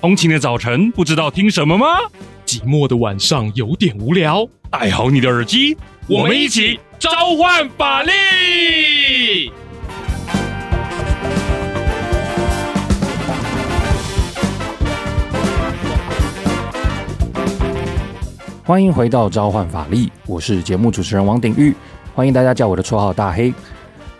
通勤的早晨不知道聽什麼嗎？寂寞的晚上有點無聊，戴好你的耳機，我們一起召喚法力！歡迎回到召喚法力，我是節目主持人王鼎棫，歡迎大家叫我的綽號大黑。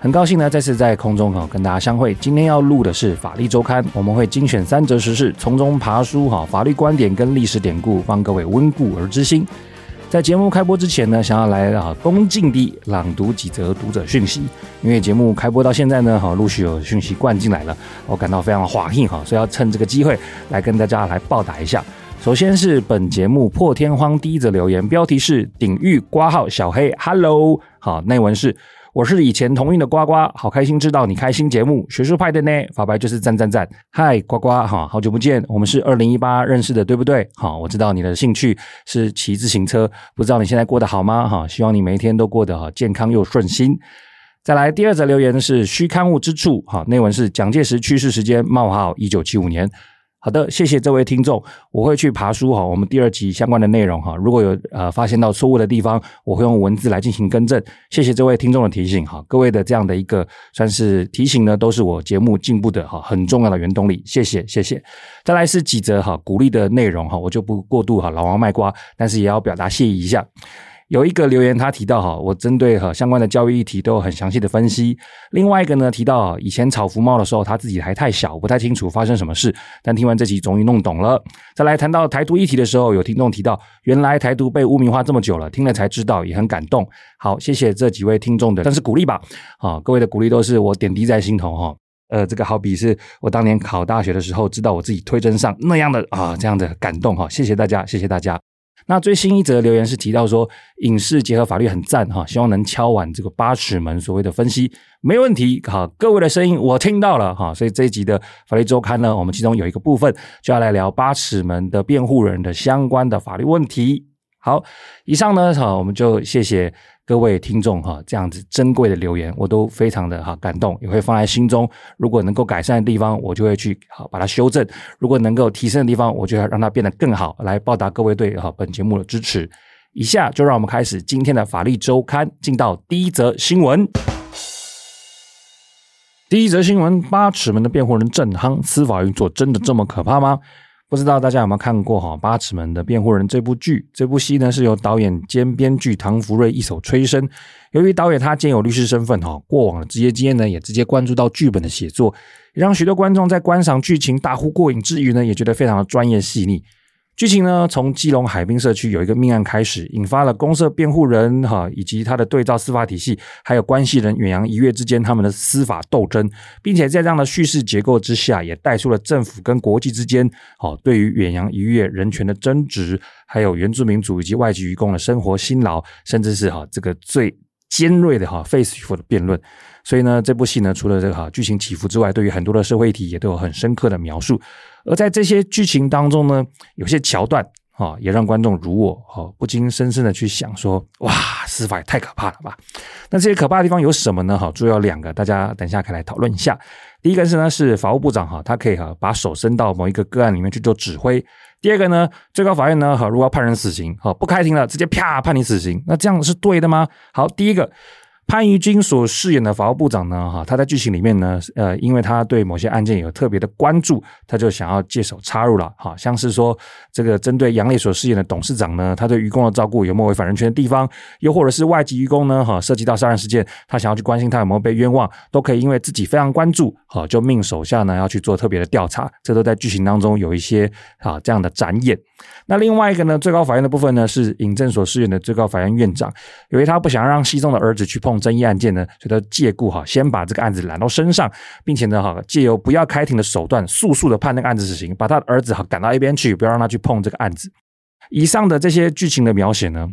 很高興呢，再次在空中哈、哦、跟大家相會。今天要錄的是《法歷週刊》，我們會精選三則時事，從中爬梳哈、哦、法律觀點跟歷史典故，幫各位溫故而知新。在節目開播之前呢，想要來啊恭敬地朗讀幾則讀者訊息，因為節目開播到現在呢，哈、哦、陸續有訊息灌進來了，我感到非常滑稽哈，所以要趁這個機會來跟大家來報答一下。首先是本節目破天荒第一則留言，標題是“鼎棫掛號小黑 ”，Hello，好、哦、內文是。我是以前同運的呱呱，好開心知道你開新節目學術派的呢，法白就是讚讚讚。嗨，呱呱哈，好久不見，我們是二零一八認識的，對不對？好，我知道你的興趣是騎自行車，不知道你現在過得好嗎？哈，希望你每一天都過得好，健康又順心。再來第二則留言是虛刊物之處，哈，內文是蔣介石去世時間：冒號一九七五年。好的，謝謝這位聽眾，我會去爬書哈，我們第二集相關的內容哈，如果有呃發現到錯誤的地方，我會用文字來進行更正。謝謝這位聽眾的提醒哈，各位的這樣的一個算是提醒呢，都是我節目進步的哈很重要的原動力。謝謝，謝謝。再來是幾則哈鼓勵的內容哈，我就不過度哈老王賣瓜，但是也要表達謝意一下。有一個留言，他提到哈，我針對哈相關的教育議題都有很詳細的分析。另外一個呢，提到以前炒服貿的時候，他自己還太小，不太清楚發生什麼事。但聽完這集，終於弄懂了。再來談到台獨議題的時候，有聽眾提到，原來台獨被污名化這麼久了，聽了才知道，也很感動。好，謝謝這幾位聽眾的，但是鼓勵吧？啊、哦，各位的鼓勵都是我點滴在心頭哈。呃，這個好比是我當年考大學的時候，知道我自己推甄上那樣的啊、哦，這樣的感動哈。謝謝大家，謝謝大家。那最新一則的留言是提到說，影視結合法律很讚哈，希望能敲完這個八尺門所謂的分析。沒問題，好，各位的聲音我聽到了哈，所以這一集的法律周刊呢，我們其中有一個部分就要來聊八尺門的辯護人的相關的法律問題。好，以上呢，好，我們就謝謝。各位聽眾哈，這樣子珍貴的留言，我都非常的哈感動，也會放在心中。如果能夠改善的地方，我就會去好把它修正；如果能夠提升的地方，我就要讓它變得更好，來報答各位對哈本節目的支持。以下就讓我們開始今天的法歷週刊，進到第一則新聞。第一則新聞：八尺門的辯護人正夯，司法運作真的這麼可怕嗎？不知道大家有沒有看過哈《八尺門的辯護人》這部劇，這部戲呢是由導演兼編劇唐福睿一手催生。由於導演他兼有律師身份哈，過往的職業經驗呢也直接關注到劇本的寫作，也讓許多觀眾在觀賞劇情大呼過癮之餘呢，也覺得非常的專業細膩。劇情呢，從基隆海濱社區有一個命案開始，引發了公設辯護人哈以及他的對照司法體系，還有關係人遠洋漁業之間他們的司法鬥爭，並且在這樣的敘事結構之下，也帶出了政府跟國際之間哦對於遠洋漁業人權的爭執，還有原住民族以及外籍漁工的生活辛勞，甚至是哈這個最尖銳的哈 face off 的辯論。所以呢，這部戲呢，除了這個哈劇情起伏之外，對於很多的社會體也都有很深刻的描述。而在這些劇情當中呢，有些橋段啊，也讓觀眾如我哈，不禁深深的去想說：哇，司法也太可怕了吧！那這些可怕的地方有什麼呢？哈，主要兩個，大家等一下可以來討論一下。第一個是呢，是法務部長哈，他可以哈把手伸到某一個個案裡面去做指揮；第二個呢，最高法院呢，哈，如果要判人死刑，哈，不開庭了，直接啪判你死刑，那這樣是對的嗎？好，第一個。潘儀君所飾演的法務部長呢，哈，他在劇情裡面呢，呃，因為他對某些案件有特別的關注，他就想要借手插入了，哈，像是說這個針對楊烈所飾演的董事長呢，他對漁工的照顧有沒有違反人權的地方，又或者是外籍漁工呢，哈，涉及到殺人事件，他想要去關心他有沒有被冤枉，都可以因為自己非常關注，就命手下呢要去做特別的調查，這都在劇情當中有一些啊這樣的展演。那另外一個呢，最高法院的部分呢，是尹正所飾演的最高法院院長，由於他不想讓西仲的兒子去碰爭議案件呢，所以他借故哈，先把這個案子攬到身上，並且呢哈，借由不要開庭的手段，速速的判那個案子死刑，把他的兒子哈趕到一邊去，不要讓他去碰這個案子。以上的這些劇情的描寫呢，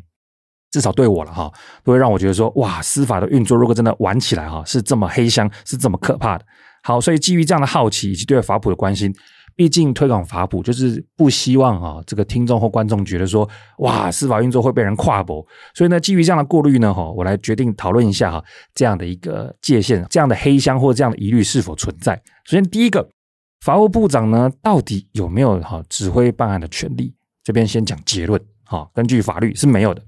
至少對我了哈，都會讓我覺得說哇，司法的運作如果真的玩起來哈，是這麼黑箱，是這麼可怕的。好，所以基於這樣的好奇以及對法普的關心。畢竟推廣法普就是不希望啊，這個聽眾或觀眾覺得說，哇，司法運作會被人跨補，所以呢，基於這樣的顧慮呢，哈，我來決定討論一下哈，這樣的一個界限，這樣的黑箱或這樣的疑慮是否存在？首先，第一個，法務部長呢，到底有沒有哈指揮辦案的權利？這邊先講結論，好，根據法律是沒有的。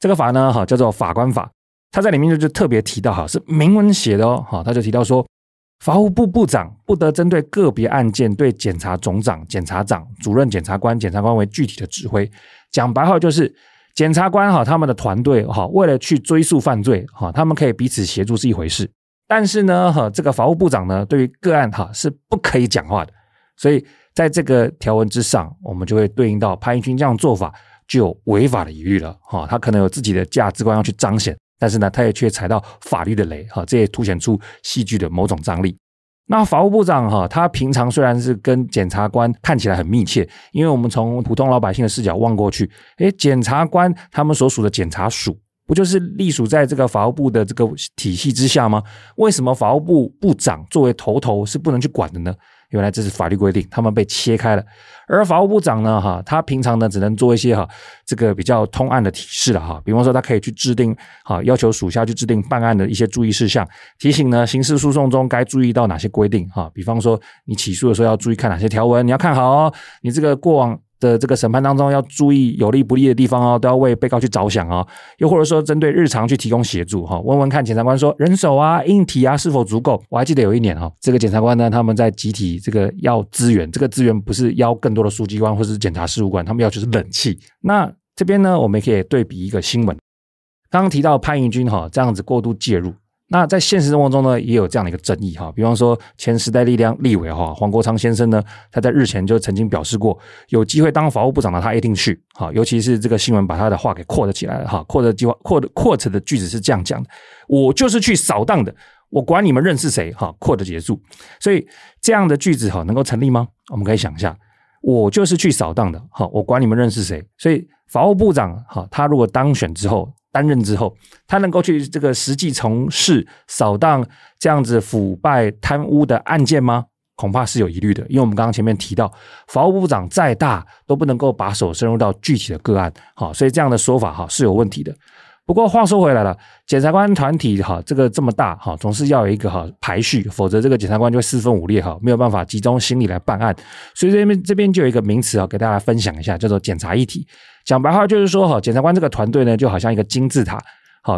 這個法呢，哈叫做法官法，他在裡面就就特別提到哈，是明文寫的哦，好，他就提到說。法務部部長不得針對個別案件對檢察總長、檢察長、主任檢察官、檢察官為具體的指揮。講白話就是，檢察官哈他們的團隊哈為了去追訴犯罪哈，他們可以彼此協助是一回事。但是呢，哈這個法務部長呢對於個案哈是不可以講話的。所以在這個條文之上，我們就會對應到潘英軍這樣做法具有違法的疑慮了。哈，他可能有自己的價值觀要去彰顯。但是呢，他也卻踩到法律的雷哈，這也凸顯出戲劇的某種張力。那法務部長哈，他平常雖然是跟檢察官看起來很密切，因為我們從普通老百姓的視角望過去，哎，檢察官他們所屬的檢察署不就是隸屬在這個法務部的這個體系之下嗎？為什麼法務部部長作為頭頭是不能去管的呢？原來這是法律規定，他們被切開了。而法務部長呢，哈，他平常呢只能做一些哈這個比較通案的提示了哈。比方說，他可以去制定啊，要求屬下去制定辦案的一些注意事項，提醒呢刑事訴訟中該注意到哪些規定哈。比方說，你起訴的時候要注意看哪些條文，你要看好哦，你這個過往。的這個審判當中要注意有利不利的地方哦，都要為被告去着想哦，又或者說針對日常去提供協助哈、哦，問問看檢察官說人手啊、硬體啊是否足夠？我還記得有一年哈、哦，這個檢察官呢他們在集體這個要資源，這個資源不是要更多的書記官或是檢察事務官，他們要就是冷氣。嗯、那這邊呢，我們可以對比一個新聞，剛剛提到的潘雲軍哈、哦、這樣子過度介入。那在現實生活中呢，也有這樣的一個爭議哈。比方說，前時代力量立委哈黃國昌先生呢，他在日前就曾經表示過，有機會當法務部長的他一定去。哈，尤其是這個新聞把他的話給 quote 起來了哈。quote 計劃 quote quote 的句子是這樣講的：我就是去掃蕩的，我管你們認識誰哈。quote 的結束。所以這樣的句子哈能夠成立嗎？我們可以想一下，我就是去掃蕩的哈，我管你們認識誰。所以法務部長哈，他如果當選之後。擔任之後，他能夠去這個實際從事掃蕩這樣子腐敗貪污的案件嗎？恐怕是有疑慮的，因為我們剛剛前面提到，法務部長再大都不能夠把手伸入到具體的個案，好，所以這樣的說法哈是有問題的。不過話說回來了，檢察官團體哈這個這麼大哈，總是要有一個哈排序，否則這個檢察官就會四分五裂哈，沒有辦法集中心力來辦案。所以這邊這邊就有一個名詞啊，給大家來分享一下，叫做檢察一體。講白話就是說，哈，檢察官這個團隊呢，就好像一個金字塔，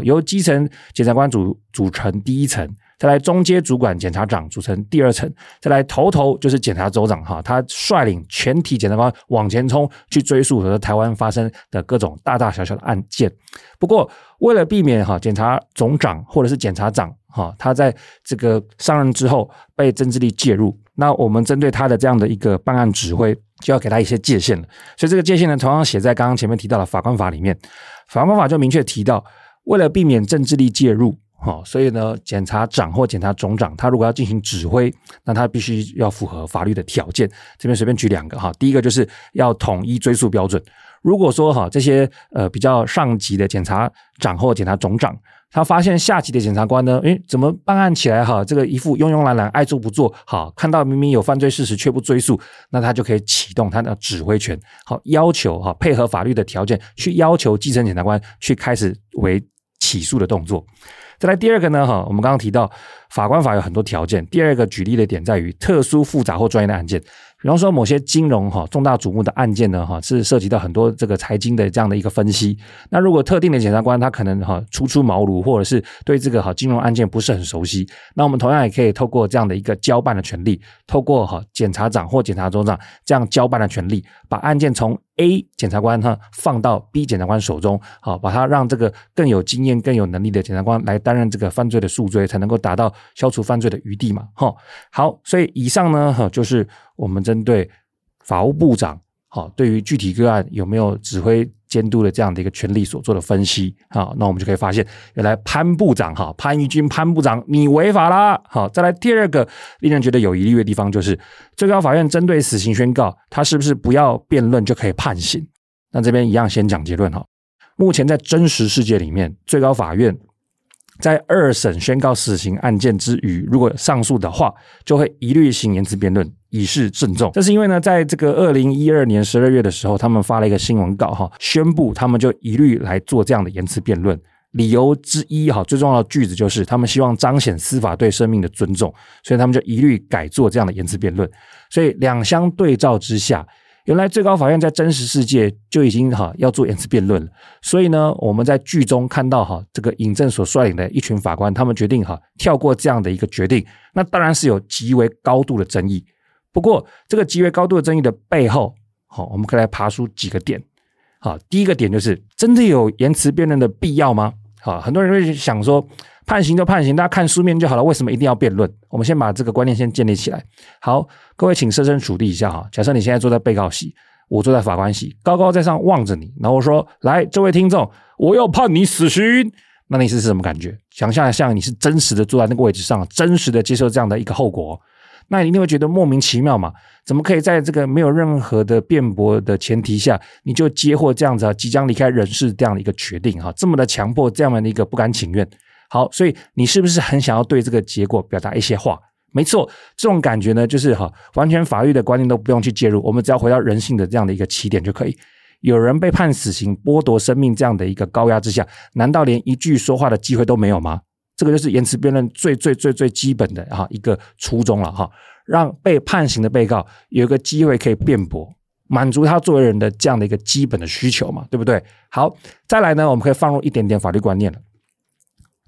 由基層檢察官組組成第一層，再來中階主管檢察長組成第二層，再來頭頭就是檢察總長，他率領全體檢察官往前衝，去追訴和台灣發生的各種大大小小的案件。不過，為了避免哈，檢察總長或者是檢察長，他在這個上任之後被政治力介入，那我們針對他的這樣的一個辦案指揮。嗯就要給他一些界限了，所以這個界限呢，同樣寫在剛剛前面提到的《法官法》裡面，《法官法》就明確提到，為了避免政治力介入，哈，所以呢，檢察長或檢察總長，他如果要進行指揮，那他必須要符合法律的條件。這邊隨便舉兩個哈，第一個就是要統一追訴標準。如果說哈，這些呃比較上級的檢察長或檢察總長。他發現下級的檢察官呢，哎，怎麼辦案起來哈、啊？這個一副慵慵懶懶、愛做不做好，看到明明有犯罪事實卻不追訴，那他就可以啟動他的指揮權，好，要求哈、啊、配合法律的條件，去要求基層檢察官去開始為起訴的動作。再來第二個呢，哈，我們剛剛提到法官法有很多條件，第二個舉例的點在於特殊複雜或專業的案件。比方說，某些金融哈重大矚目的案件呢，哈是涉及到很多這個財經的這樣的一個分析。那如果特定的檢察官他可能哈初出茅廬，或者是對這個哈金融案件不是很熟悉，那我們同樣也可以透過這樣的一個交辦的權利，透過哈檢察長或檢察總長這樣交辦的權利，把案件從 A 檢察官哈放到 B 檢察官手中，好，把它讓這個更有經驗、更有能力的檢察官來擔任這個犯罪的訴追，才能夠達到消除犯罪的餘地嘛。哈，好，所以以上呢，哈就是。我們針對法務部長，好，對於具體個案有沒有指揮監督的這樣的一個權力所做的分析，好，那我們就可以發現，原來潘部長，哈，潘儀君潘部長，你違法啦，好，再來第二個令人覺得有疑慮的地方，就是最高法院針對死刑宣告，他是不是不要辯論就可以判刑？那這邊一樣先講結論哈，目前在真實世界裡面，最高法院。在二審宣告死刑案件之餘，如果上訴的話，就會一律行言辭辯論，以示鄭重。這是因為呢，在這個二零一二年十二月的時候，他們發了一個新聞稿，哈，宣布他們就一律來做這樣的言辭辯論。理由之一，哈，最重要的句子就是他們希望彰顯司法對生命的尊重，所以他們就一律改做這樣的言辭辯論。所以兩相對照之下。原來最高法院在真實世界就已經哈、啊、要做言詞辯論了，所以呢，我們在劇中看到哈、啊、這個尹正所率領的一群法官，他們決定哈、啊、跳過這樣的一個決定，那當然是有極為高度的爭議。不過這個極為高度的爭議的背後，好，我們可以來爬梳幾個點。好，第一個點就是，真的有言詞辯論的必要嗎？啊，很多人會想說判刑就判刑，大家看書面就好了，為什麼一定要辯論？我們先把這個觀念先建立起來。好，各位請設身處地一下哈，假設你現在坐在被告席，我坐在法官席，高高在上望着你，然後我說：“來，這位聽眾，我要判你死刑。”那你是是什麼感覺？想像一下，你是真實的坐在那個位置上，真實的接受這樣的一個後果。那你一定會覺得莫名其妙嘛？怎麼可以在這個沒有任何的辯駁的前提下，你就接獲這樣子、啊、即將離開人世這樣的一個決定哈、啊？這麼的強迫，這樣的一個不甘情願。好，所以你是不是很想要對這個結果表達一些話？沒錯，這種感覺呢，就是哈、啊，完全法律的觀念都不用去介入，我們只要回到人性的這樣的一個起點就可以。有人被判死刑，剝奪生命這樣的一個高壓之下，難道連一句說話的機會都沒有嗎？這個就是言詞辯論最最最最基本的哈一個初衷了哈，讓被判刑的被告有一個機會可以辯駁，滿足他作為人的這樣的一個基本的需求嘛，對不對？好，再來呢，我們可以放入一點點法律觀念了。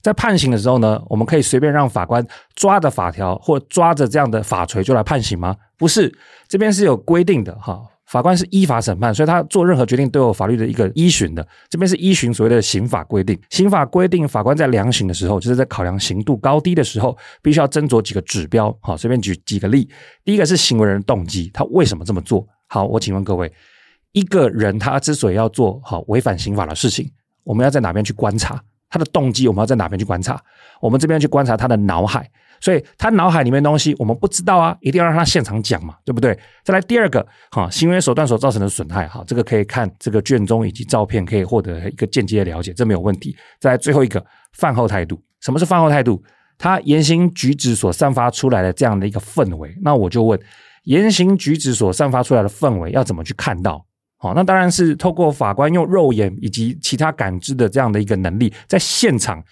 在判刑的時候呢，我們可以隨便讓法官抓着法條或抓着這樣的法槌就來判刑嗎？不是，這邊是有規定的哈。法官是依法審判，所以他做任何決定都有法律的一個依循的。這邊是依循所謂的刑法規定，刑法規定法官在量刑的時候，就是在考量刑度高低的時候，必須要斟酌幾個指標。好、哦，隨便舉幾個例，第一個是行為人的動機，他為什麼這麼做？好，我請問各位，一個人他之所以要做好違、哦、反刑法的事情，我們要在哪邊去觀察他的動機？我們要在哪邊去觀察？我們這邊去觀察他的腦海。所以他腦海裡面的東西我們不知道啊，一定要讓他現場講嘛，對不對？再來第二個，哈，行為手段所造成的損害，哈，這個可以看這個卷宗以及照片，可以獲得一個間接的了解，這沒有問題。再來最後一個，犯後態度，什麼是犯後態度？他言行舉止所散發出來的這樣的一個氛圍，那我就問，言行舉止所散發出來的氛圍要怎麼去看到？好，那當然是透過法官用肉眼以及其他感知的這樣的一個能力，在現場。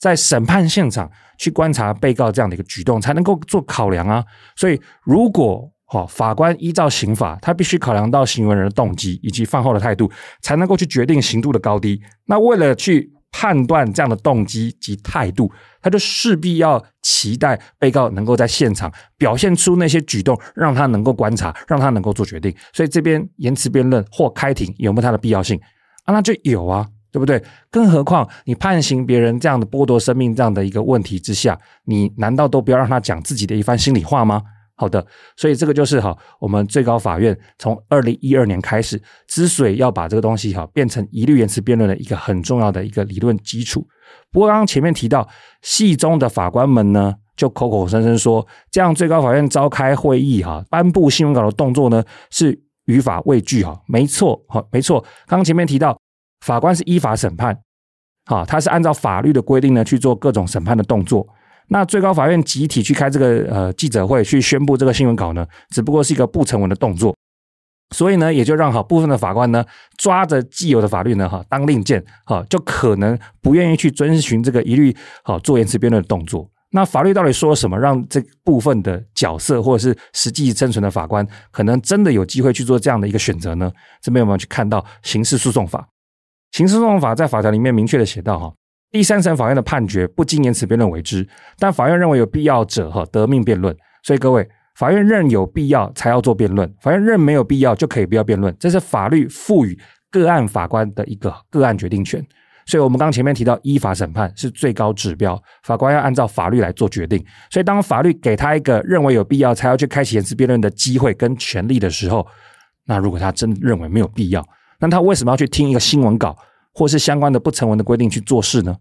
在審判現場去觀察被告這樣的一個舉動，才能夠做考量啊。所以，如果法官依照刑法，他必須考量到行為人的動機以及犯後的態度，才能夠去決定刑度的高低。那為了去判斷這樣的動機及態度，他就勢必要期待被告能夠在現場表現出那些舉動，讓他能夠觀察，讓他能夠做決定。所以，這邊言辭辯論或開庭有沒有他的必要性啊？那就有啊。對不對？更何況你判刑別人這樣的剝奪生命這樣的一個問題之下，你難道都不要讓他講自己的一番心裡話嗎？好的，所以這個就是哈，我們最高法院從二零一二年開始，之所以要把這個東西哈變成一律言辭辯論的一個很重要的一個理論基礎。不過剛剛前面提到，戲中的法官們呢，就口口聲聲說，這樣最高法院召開會議哈，頒布新聞稿的動作呢，是語法畏懼哈，沒錯，哈，沒錯。剛剛前面提到。法官是依法審判，好、哦，他是按照法律的規定呢去做各種審判的動作。那最高法院集體去開這個呃記者會，去宣布這個新聞稿呢，只不過是一個不成文的動作。所以呢，也就讓好部分的法官呢，抓着既有的法律呢，哈、哦，當令箭，哈、哦，就可能不願意去遵循這個一律好做、哦、言詞辯論的動作。那法律到底說什麼，讓這部分的角色或者是實際生存的法官，可能真的有機會去做這樣的一個選擇呢？這邊我們去看到《刑事訴訟法》。刑事訴訟法在法條裡面明確的寫到哈，第三審法院的判決不經言詞辯論為之，但法院認為有必要者哈得命辯論。所以各位，法院認有必要才要做辯論，法院認沒有必要就可以不要辯論。這是法律賦予個案法官的一個個案決定權。所以，我們剛前面提到，依法審判是最高指標，法官要按照法律來做決定。所以，當法律給他一個認為有必要才要去開啟言詞辯論的機會跟權利的時候，那如果他真認為沒有必要。那他為什麼要去聽一個新聞稿，或是相關的不成文的規定去做事呢？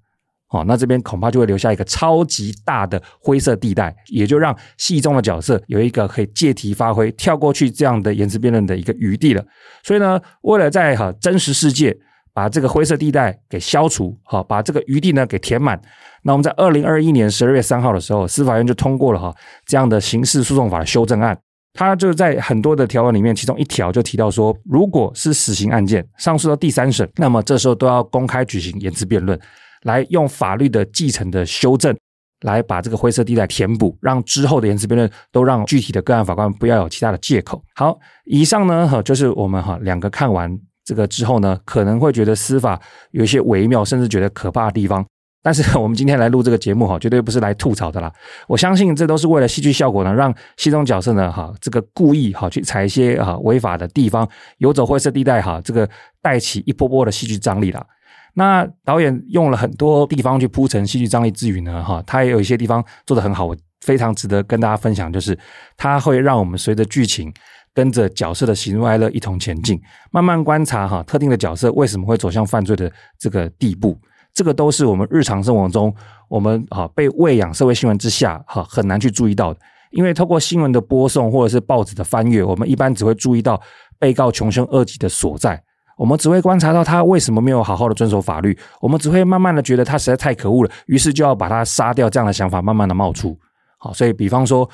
哦，那這邊恐怕就會留下一個超級大的灰色地帶，也就讓戲中的角色有一個可以借題發揮、跳過去這樣的言詞辯論的一個餘地了。所以呢，為了在哈、啊、真實世界把這個灰色地帶給消除，哈、啊，把這個餘地呢給填滿，那我們在二零二一年十二月三號的時候，司法院就通過了哈、啊、這樣的刑事訴訟法的修正案。他就是在很多的條文裡面，其中一條就提到說，如果是死刑案件上訴到第三審，那麼這時候都要公開舉行言詞辯論，來用法律的繼承的修正來把這個灰色地帶填補，讓之後的言詞辯論都讓具體的個案法官不要有其他的借口。好，以上呢哈就是我們哈兩個看完這個之後呢，可能會覺得司法有一些微妙，甚至覺得可怕的地方。但是我們今天來錄這個節目哈，絕對不是來吐槽的啦。我相信這都是為了戲劇效果呢，讓戲中角色呢哈，這個故意哈去踩一些哈違法的地方，遊走灰色地帶哈，這個帶起一波波的戲劇張力啦。那導演用了很多地方去鋪陳戲劇張力之餘呢哈，他也有一些地方做得很好，我非常值得跟大家分享，就是他會讓我們隨着劇情跟着角色的喜怒哀樂一同前進，慢慢觀察哈特定的角色為什麼會走向犯罪的這個地步。這個都是我們日常生活中，我們被餵養社會新聞之下哈很難去注意到的，因為透過新聞的播送或者是報紙的翻閱，我們一般只會注意到被告窮兇惡極的所在，我們只會觀察到他為什麼沒有好好的遵守法律，我們只會慢慢的覺得他實在太可惡了，於是就要把他殺掉這樣的想法慢慢的冒出，好，所以比方說。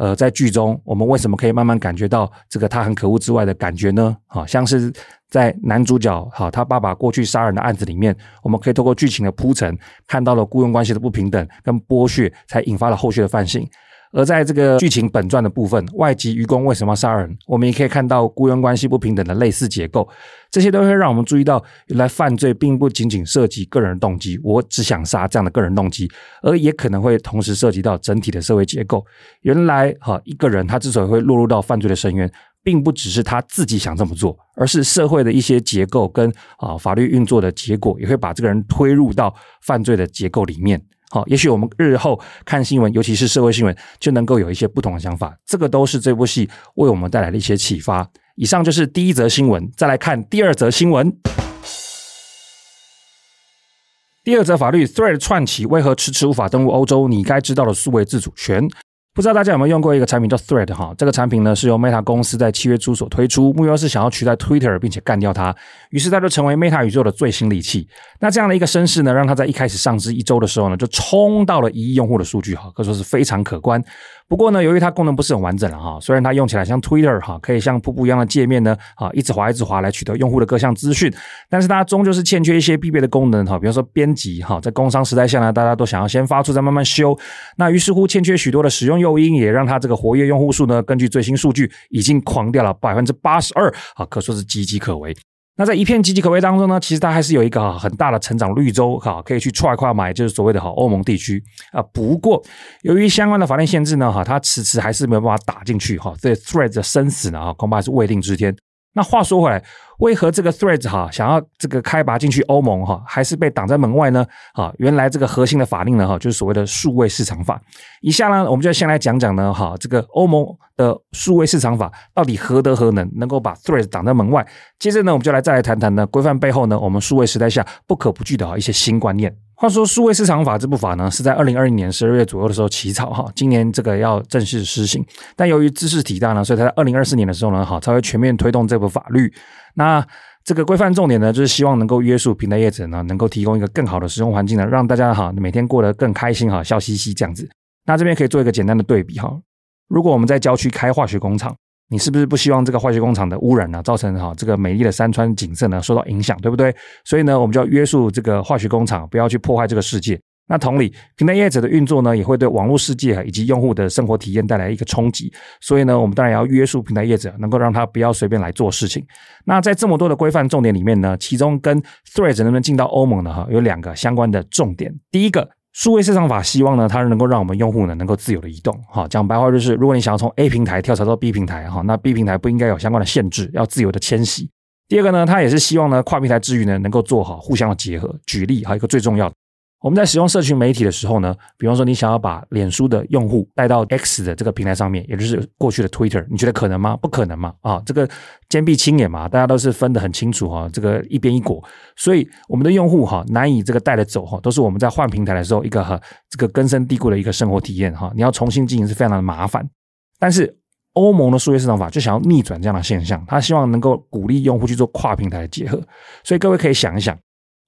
呃，在劇中，我們為什麼可以慢慢感覺到這個他很可惡之外的感覺呢？好像是在男主角哈，他爸爸過去殺人的案子裡面，我們可以透過劇情的鋪陳，看到了僱傭關係的不平等跟剝削，才引發了後續的犯行而在這個劇情本傳的部分，外籍漁工為什麼要殺人？我們也可以看到雇傭關係不平等的類似結構，這些都會讓我們注意到，原來犯罪並不僅僅涉及個人的動機“我只想殺”這樣的個人動機，而也可能會同時涉及到整體的社會結構。原來哈、啊，一個人他之所以會落入到犯罪的深淵，並不只是他自己想這麼做，而是社會的一些結構跟啊法律運作的結果，也會把這個人推入到犯罪的結構裡面。好，也許我們日後看新聞，尤其是社會新聞，就能夠有一些不同的想法。這個都是這部戲為我們帶來的一些啟發。以上就是第一則新聞，再來看第二則新聞。第二則法律 Threads 串起，為何遲遲無法登陸歐洲？你該知道的數位自主權。不知道大家有沒有用過一個產品叫 Thread 哈？這個產品呢是由 Meta 公司在七月初所推出，目標是想要取代 Twitter，並且幹掉它。於是它就成為 Meta 宇宙的最新利器。那這樣的一個聲勢呢，讓它在一開始上市一周的時候呢，就衝到了一億用戶的數據哈，可以說是非常可觀。不過呢，由於它功能不是很完整了哈，雖然它用起來像 Twitter 哈，可以像瀑布一樣的界面呢啊，一直滑一直滑來取得用戶的各項資訊，但是它終究是欠缺一些必備的功能哈，比如說編輯哈，在工商時代下呢，大家都想要先發出再慢慢修。那於是乎，欠缺許多的使用。誘因也讓他這個活躍用戶數呢，根據最新數據已經狂掉了百分之八十二啊，可說是岌岌可危。那在一片岌岌可危當中呢，其實它還是有一個很大的成長綠洲哈，可以去踹一 y 買，就是所謂的哈歐盟地區啊。不過由於相關的法令限制呢哈，它遲遲還是沒有辦法打進去哈，這 threads 生死呢恐怕是未定之天。那話說回來。為何這個 Threads 哈想要這個開拔進去歐盟哈，還是被擋在門外呢？哈，原來這個核心的法令呢哈，就是所謂的數位市場法。以下呢，我們就先來講講呢哈，這個歐盟的數位市場法到底何德何能，能夠把 Threads 擋在門外？接着呢，我們就來再來談談呢，規範背後呢，我們數位時代下不可不懼的一些新觀念。話說，數位市場法這部法呢，是在二零二零年十二月左右的時候起草哈，今年這個要正式施行。但由於茲事體大呢，所以他在二零二四年的時候呢，哈才會全面推動這部法律。那這個規範重點呢，就是希望能夠約束平台業者呢，能夠提供一個更好的使用環境呢，讓大家哈每天過得更開心哈，笑嘻嘻嘻這樣子。那這邊可以做一個簡單的對比哈，如果我們在郊區開化學工廠。你是不是不希望這個化學工廠的污染呢、啊，造成哈、啊、這個美麗的山川景色呢受到影響，對不對？所以呢，我們就要約束這個化學工廠，不要去破壞這個世界。那同理，平台業者的運作呢，也會對網絡世界以及用戶的生活體驗帶來一個衝擊。所以呢，我們當然要約束平台業者，能夠讓他不要隨便來做事情。那在這麼多的規範重點裡面呢，其中跟 Threads 能不能進到歐盟呢？哈，有兩個相關的重點。第一個。數位市場法希望呢，它能夠讓我們用戶呢能夠自由的移動。哈，講白話就是，如果你想要從 A 平台跳槽到 B 平台，哈，那 B 平台不應該有相關的限制，要自由的遷徙。第二個呢，它也是希望呢跨平台之餘呢能夠做好互相的結合。舉例，還有一個最重要的。我們在使用社群媒體的時候呢，比方說你想要把臉書的用戶帶到 X 的這個平台上面，也就是過去的 Twitter，你覺得可能嗎？不可能嘛！啊，這個堅壁清野嘛，大家都是分得很清楚哈，啊，這個一邊一國，所以我們的用戶哈，啊，難以這個帶得走哈，啊，都是我們在換平台的時候一個，啊，這個根深蒂固的一個生活體驗哈，啊，你要重新經營是非常的麻煩。但是歐盟的數位市場法就想要逆轉這樣的現象，他希望能夠鼓勵用戶去做跨平台的結合，所以各位可以想一想。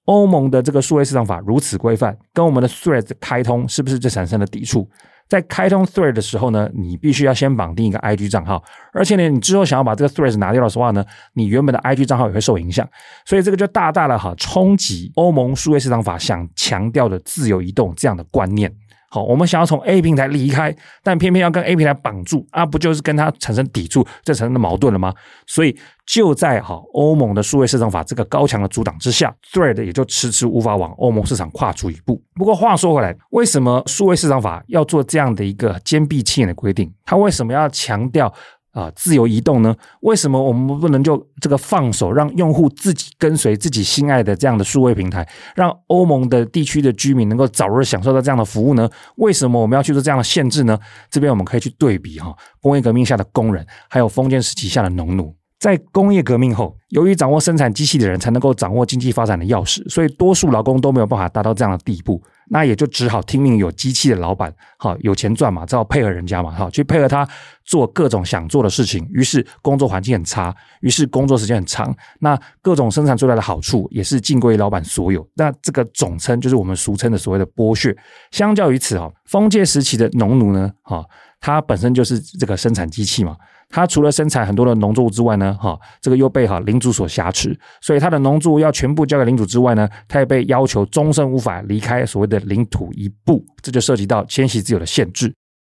歐盟的這個數位市場法如此規範，跟我們的 Threads 開通是不是就產生了抵觸？在開通 Threads 的時候呢，你必須要先綁定一個 IG 賬號，而且呢，你之後想要把這個 Threads 拿掉的話呢，你原本的 IG 賬號也會受影響。所以這個就大大的哈衝擊歐盟數位市場法想強調的自由移動這樣的觀念。好，我們想要從 A 平台離開，但偏偏要跟 A 平台綁住，啊，不就是跟它產生抵觸，這產生的矛盾了嗎？所以就在好、哦、歐盟的數位市場法這個高牆的阻擋之下，Thread 也就遲遲無法往歐盟市場跨出一步。不過話說回來，為什麼數位市場法要做這樣的一個堅壁清野的規定？它為什麼要強調？啊，自由移動呢？為什麼我們不能就這個放手，讓用戶自己跟隨自己心愛的這樣的數位平台，讓歐盟的地區的居民能夠早日享受到這樣的服務呢？為什麼我們要去做這樣的限制呢？這邊我們可以去對比哈，工業革命下的工人，還有封建時期下的農奴。在工業革命後，由於掌握生產機器的人才能夠掌握經濟發展的鑰匙，所以多數勞工都沒有辦法達到這樣的地步。那也就只好聽命有機器的老闆，好有錢賺嘛，只好配合人家嘛，好去配合他做各種想做的事情。於是工作環境很差，於是工作時間很長。那各種生產出來的好處也是盡歸老闆所有。那這個總稱就是我們俗稱的所謂的剝削。相較於此，哈，封建時期的農奴呢，哈，它本身就是這個生產機器嘛。他除了生產很多的農作物之外呢，哈，這個又被哈領主所挾持，所以他的農作物要全部交給領主之外呢，他也被要求終身無法離開所謂的領土一步，這就涉及到遷徙自由的限制。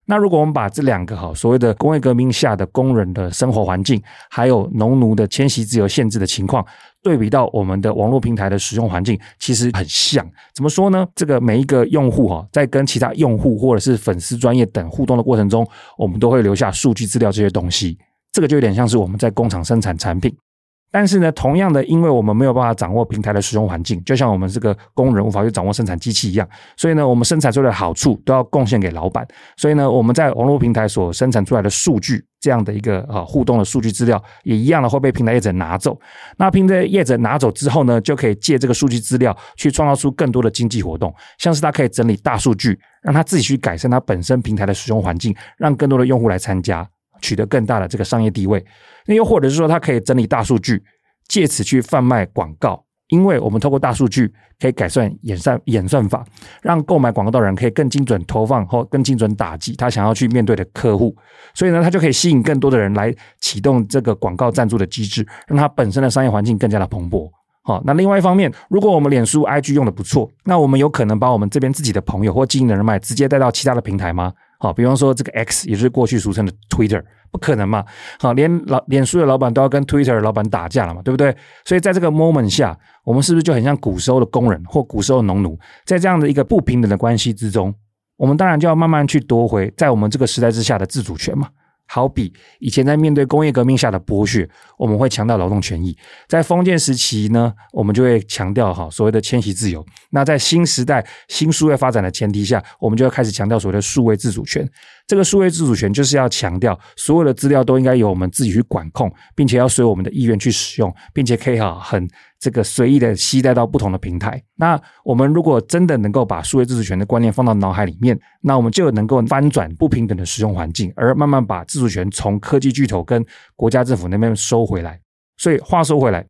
那如果我們把這兩個哈所謂的工業革命下的工人的生活環境，還有農奴的遷徙自由限制的情況，對比到我們的網絡平台的使用環境，其實很像。怎麼說呢？這個每一個用戶哈，在跟其他用戶或者是粉絲、專業等互動的過程中，我們都會留下數據資料這些東西，這個就有點像是我們在工廠生產產品。但是呢，同樣的，因為我們沒有辦法掌握平台的使用環境，就像我們這個工人無法去掌握生產機器一樣，所以呢，我們生產出來的好處都要貢獻給老闆。所以呢，我們在網絡平台所生產出來的數據，這樣的一個呃互動的數據資料，也一樣的會被平台業者拿走。那平台業者拿走之後呢，就可以借這個數據資料去創造出更多的經濟活動，像是他可以整理大數據，讓他自己去改善他本身平台的使用環境，讓更多的用戶來參加。取得更大的這個商業地位，那又或者是說，它可以整理大數據，借此去販賣廣告。因為我們透過大數據可以改善演算、演算法，讓購買廣告的人可以更精準投放或更精準打擊他想要去面對的客戶，所以呢，他就可以吸引更多的人來啟動這個廣告贊助的機制，讓他本身的商業環境更加的蓬勃。好、哦，那另外一方面，如果我們臉書、IG 用的不錯，那我們有可能把我們這邊自己的朋友或經營的人脈直接帶到其他的平台嗎？好，比方說這個 X，也就是過去俗稱的 Twitter，不可能嘛？好，連老臉書的老板都要跟 Twitter 老板打架了嘛？對不對？所以在這個 moment 下，我們是不是就很像古時候的工人或古時候的農奴，在這樣的一個不平等的關係之中，我們當然就要慢慢去奪回在我們這個時代之下的自主權嘛？好比以前在面對工業革命下的剝削，我們會強調勞動權益；在封建時期呢，我們就會強調哈所謂的遷徙自由。那在新時代新數位發展的前提下，我們就要開始強調所謂的數位自主權。這個數位自主權就是要強調，所有的資料都應該由我們自己去管控，並且要隨我們的意願去使用，並且可以哈很這個隨意的攜帶到不同的平台。那我們如果真的能夠把數位自主權的觀念放到腦海裡面，那我們就能夠翻轉不平等的使用環境，而慢慢把自主權從科技巨頭跟國家政府那邊收回來。所以話說回來。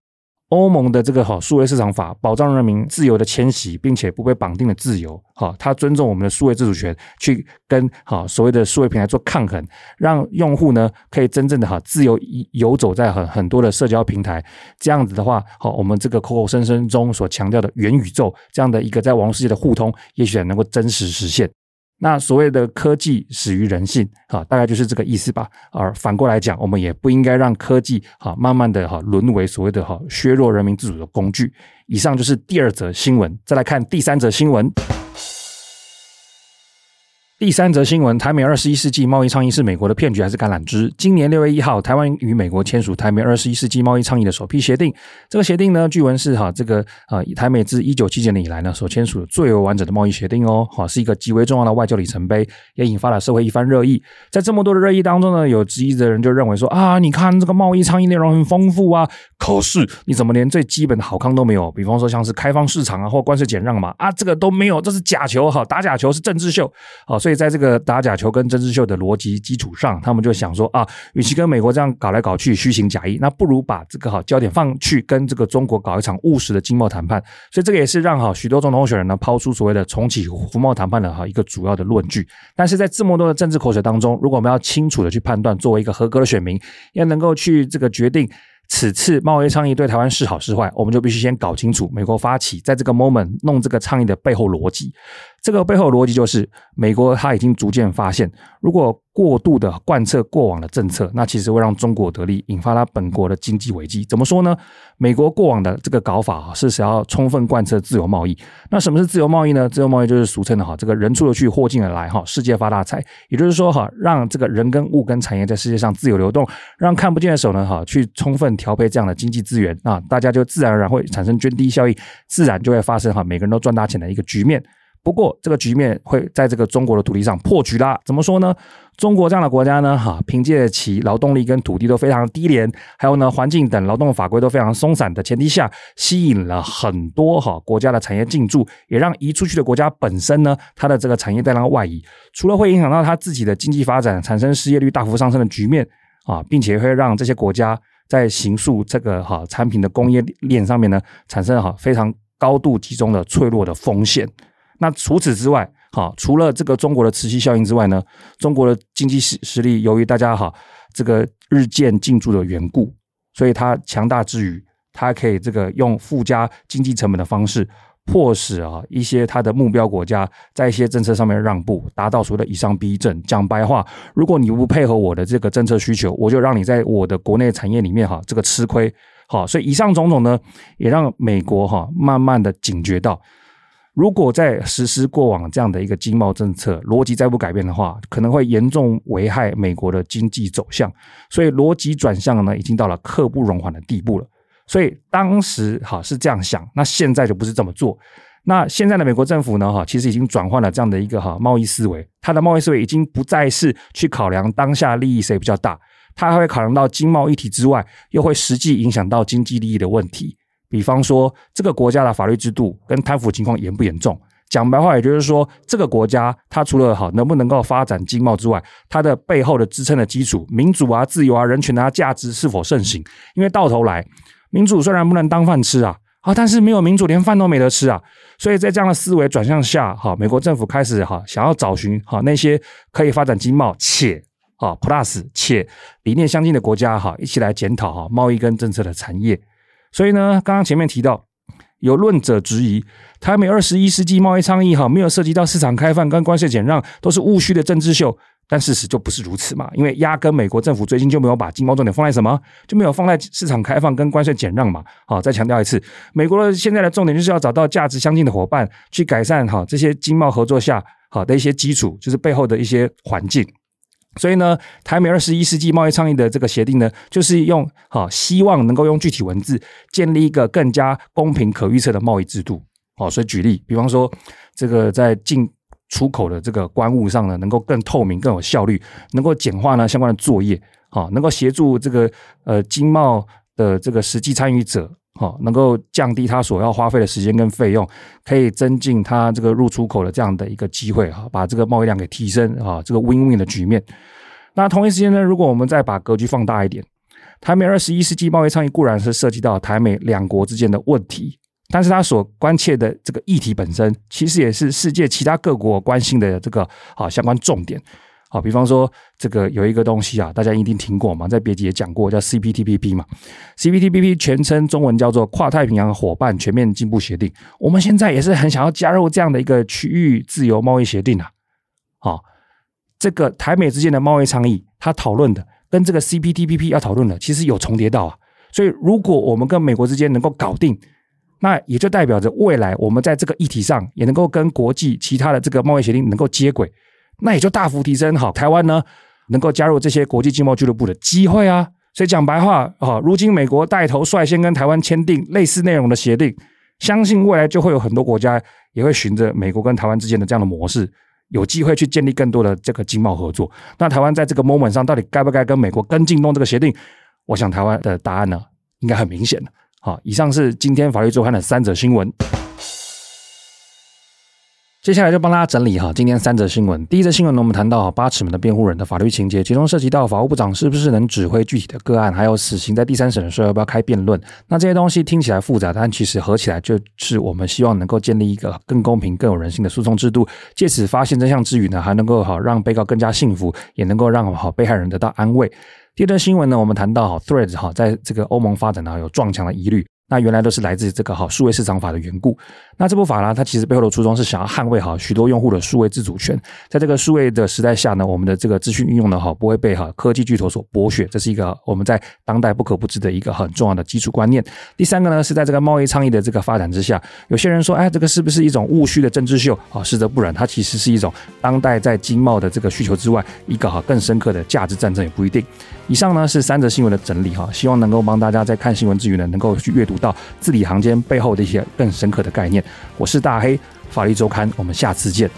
歐盟的這個哈數位市場法保障人民自由的遷徙，並且不被綁定的自由，哈，它尊重我們的數位自主權，去跟哈所謂的數位平台做抗衡，讓用戶呢可以真正的哈自由遊走在很很多的社交平台，這樣子的話，好，我們這個口口聲聲中所強調的元宇宙這樣的一個在網路世界的互通，也許能夠真實實現。那所謂的科技始於人性啊，大概就是這個意思吧。而反過來講，我們也不應該讓科技哈、啊，慢慢的哈、啊，淪為所謂的哈、啊，削弱人民自主的工具。以上就是第二則新聞，再來看第三則新聞。第三則新聞：台美二十一世紀貿易倡議是美國的騙局還是橄欖枝？今年六月一號，台灣與美國簽署台美二十一世紀貿易倡議的首批協定。這個協定呢，據聞是哈、啊、這個呃、啊、台美自一九七九年以來呢所簽署的最為完整的貿易協定哦，哈、啊、是一個極為重要的外交里程碑，也引發了社會一番熱議。在這麼多的熱議當中呢，有質疑的人就認為說啊，你看這個貿易倡議內容很豐富啊，可是你怎麼連最基本的好康都沒有？比方說像是開放市場啊，或關稅減讓嘛，啊這個都沒有，這是假球哈，打假球是政治秀，好、啊。所以所以，在這個打假球跟政治秀的邏輯基礎上，他們就想說啊，與其跟美國這樣搞來搞去虛情假意，那不如把這個好焦點放去跟這個中國搞一場務實的經貿談判。所以，這個也是讓好許多總統候選人呢拋出所謂的重啟服貿談判的好一個主要的論據。但是在這麼多的政治口水當中，如果我們要清楚的去判斷，作為一個合格的選民，要能夠去這個決定此次貿易倡議對台灣是好是壞，我們就必須先搞清楚美國發起在這個 moment 弄這個倡議的背後邏輯。這個背後的邏輯就是，美國它已經逐漸發現，如果過度的貫徹過往的政策，那其實會讓中國得利，引發它本國的經濟危機。怎麼說呢？美國過往的這個搞法啊，是想要充分貫徹自由貿易。那什麼是自由貿易呢？自由貿易就是俗稱的哈，這個人出得去，貨進得來，哈，世界發大財。也就是說哈，讓這個人跟物跟產業在世界上自由流動，讓看不見的手呢哈，去充分調配這樣的經濟資源啊，那大家就自然而然會產生涓滴效益，自然就會發生哈，每個人都賺大錢的一個局面。不過，這個局面會在這個中國的土地上破局啦。怎麼說呢？中國這樣的國家呢，哈、啊，憑借其勞動力跟土地都非常低廉，還有呢環境等勞動法規都非常鬆散的前提下，吸引了很多哈、啊、國家的產業進駐，也讓移出去的國家本身呢，它的這個產業在往外移，除了會影響到它自己的經濟發展，產生失業率大幅上升的局面啊，並且會讓這些國家在形塑這個哈、啊、產品的供應鏈上面呢，產生哈、啊、非常高度集中的脆弱的風險。那除此之外，哈，除了這個中國的磁吸效應之外呢，中國的經濟實實力，由於大家哈這個日漸進駐的緣故，所以它強大之餘，它可以這個用附加經濟成本的方式，迫使啊一些它的目標國家在一些政策上面讓步，達到所謂的以商逼政。講白話，如果你不配合我的這個政策需求，我就讓你在我的國內產業裡面哈、啊、這個吃虧。好，所以以上種種呢，也讓美國哈、啊、慢慢的警覺到。如果在實施過往這樣的一個經貿政策邏輯再不改變的話，可能會嚴重危害美國的經濟走向。所以邏輯轉向呢，已經到了刻不容緩的地步了。所以當時哈是這樣想，那現在就不是這麼做。那現在的美國政府呢，哈其實已經轉換了這樣的一個哈貿易思維，它的貿易思維已經不再是去考量當下利益誰比較大，它還會考量到經貿議題之外，又會實際影響到經濟利益的問題。比方說，這個國家的法律制度跟貪腐情況嚴不嚴重？講白話，也就是說，這個國家它除了哈能不能夠發展經貿之外，它的背後的支撐的基礎，民主啊、自由啊、人權啊、價值是否盛行？因為到頭來，民主雖然不能當飯吃啊，啊，但是沒有民主，連飯都沒得吃啊。所以在這樣的思維轉向下，哈，美國政府開始哈，想要找尋哈那些可以發展經貿且啊 plus 且理念相近的國家哈，一起來檢討哈貿易跟政策的產業。所以呢，剛剛前面提到，有論者質疑，台美二十一世紀貿易倡議哈，沒有涉及到市場開放跟關稅減讓，都是務虛的政治秀。但事實就不是如此嘛，因為壓根美國政府最近就沒有把經貿重點放在什麼，就沒有放在市場開放跟關稅減讓嘛。好，再強調一次，美國現在的重點就是要找到價值相近的夥伴，去改善哈這些經貿合作下好的一些基礎，就是背後的一些環境。所以呢，台美二十一世紀貿易倡議的這個協定呢，就是用哈、哦，希望能夠用具體文字建立一個更加公平、可預測的貿易制度。哦，所以舉例，比方說這個在進出口的這個關務上呢，能夠更透明、更有效率，能夠簡化呢相關的作業，好、哦，能夠協助這個呃經貿的這個實際參與者。好，能夠降低他所要花費的時間跟費用，可以增進他這個入出口的這樣的一個機會哈，把這個貿易量給提升啊，這個 win win 的局面。那同一時間呢，如果我們再把格局放大一點，台美二十一世紀貿易倡議固然是涉及到台美兩國之間的問題，但是他所關切的這個議題本身，其實也是世界其他各國關心的這個啊相關重點。好、哦，比方說這個有一個東西啊，大家一定聽過嘛，在別集也講過，叫 CPTPP 嘛。CPTPP 全稱中文叫做跨太平洋夥伴全面進步協定。我們現在也是很想要加入這樣的一個區域自由貿易協定啊。好、哦，這個台美之間的貿易倡議，它討論的跟這個 CPTPP 要討論的，其實有重疊到啊。所以，如果我們跟美國之間能夠搞定，那也就代表着未來我們在這個議題上也能夠跟國際其他的這個貿易協定能夠接軌。那也就大幅提升，好台灣呢能夠加入這些國際經貿俱樂部的機會啊！所以講白話啊、哦，如今美國帶頭率先跟台灣簽訂類似內容的協定，相信未來就會有很多國家也會循着美國跟台灣之間的這樣的模式，有機會去建立更多的這個經貿合作。那台灣在這個 moment 上到底該不該跟美國跟進弄這個協定？我想台灣的答案呢、啊，應該很明顯的。好、哦，以上是今天法歷週刊的三則新聞。接下來就幫大家整理哈，今天三則新聞。第一則新聞呢，我們談到哈八尺門的辯護人的法律情節，其中涉及到法務部長是不是能指揮具體的個案，還有死刑在第三審的時候要不要開辯論。那這些東西聽起來複雜，但其實合起來就是我們希望能夠建立一個更公平、更有人性的訴訟制度，借此發現真相之餘呢，還能夠好讓被告更加幸福，也能夠讓好被害人得到安慰。第二則新聞呢，我們談到哈 Threads 哈在這個歐盟發展呢有撞牆的疑慮，那原來都是來自這個哈數位市場法的緣故。那這部法呢，它其實背後的初衷是想要捍衛好許多用戶的數位自主權。在這個數位的時代下呢，我們的這個資訊運用呢哈不會被哈科技巨頭所剝削，這是一個我們在當代不可不知的一個很重要的基礎觀念。第三個呢是在這個貿易倡議的這個發展之下，有些人說哎這個是不是一種務虛的政治秀啊？哦，實則不然，它其實是一種當代在經貿的這個需求之外，一個哈更深刻的價值戰爭也不一定。以上呢是三則新聞的整理哈，希望能夠幫大家在看新聞之餘呢，能夠去閱讀到字裡行間背後的一些更深刻的概念。我是大黑，法歷週刊，我們下次見。